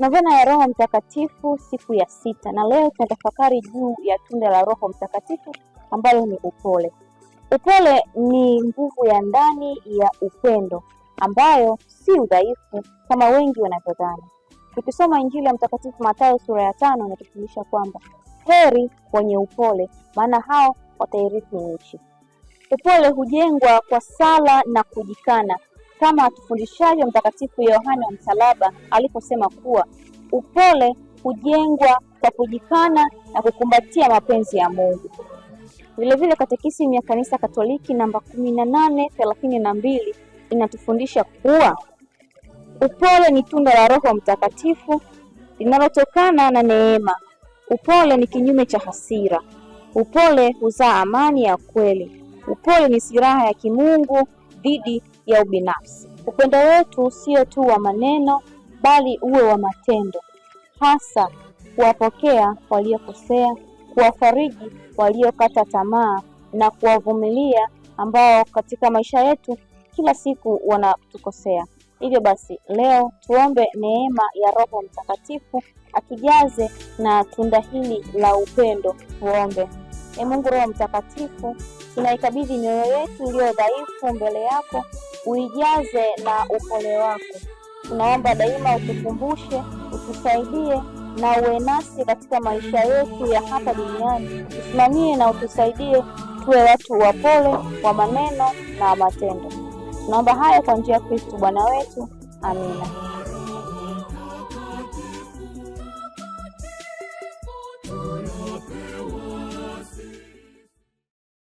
Novena ya Roho Mtakatifu siku ya sita, na leo tunatafakari juu ya tunda la Roho Mtakatifu ambalo ni upole. Upole ni nguvu ya ndani ya upendo ambayo si udhaifu kama wengi wanavyodhani. Tukisoma Injili ya Mtakatifu Mathayo sura ya tano inatufundisha kwamba heri wenye upole, maana hao watairithi nchi. Upole hujengwa kwa sala na kujikana kama atufundishavyo Mtakatifu Yohane wa Msalaba aliposema kuwa upole hujengwa kwa kujikana na kukumbatia mapenzi ya Mungu. Vilevile katekisimu ya Kanisa Katoliki namba kumi na nane thelathini na mbili inatufundisha kuwa upole ni tunda la Roho Mtakatifu linalotokana na neema. Upole ni kinyume cha hasira. Upole huzaa amani ya kweli. Upole ni siraha ya kimungu dhidi ya ubinafsi. Upendo wetu sio tu wa maneno, bali uwe wa matendo, hasa kuwapokea waliokosea, kuwafariji waliokata tamaa na kuwavumilia ambao katika maisha yetu kila siku wanatukosea. Hivyo basi, leo tuombe neema ya Roho Mtakatifu akijaze na tunda hili la upendo. Tuombe. E Mungu Roho Mtakatifu, tunaikabidhi mioyo yetu iliyo dhaifu mbele yako, uijaze na upole wako. Tunaomba daima utukumbushe, utusaidie na uwe nasi katika maisha yetu ya hapa duniani. Usimamie na utusaidie tuwe watu wapole wa maneno na wa matendo. Tunaomba haya kwa njia ya Kristo Bwana wetu, amina.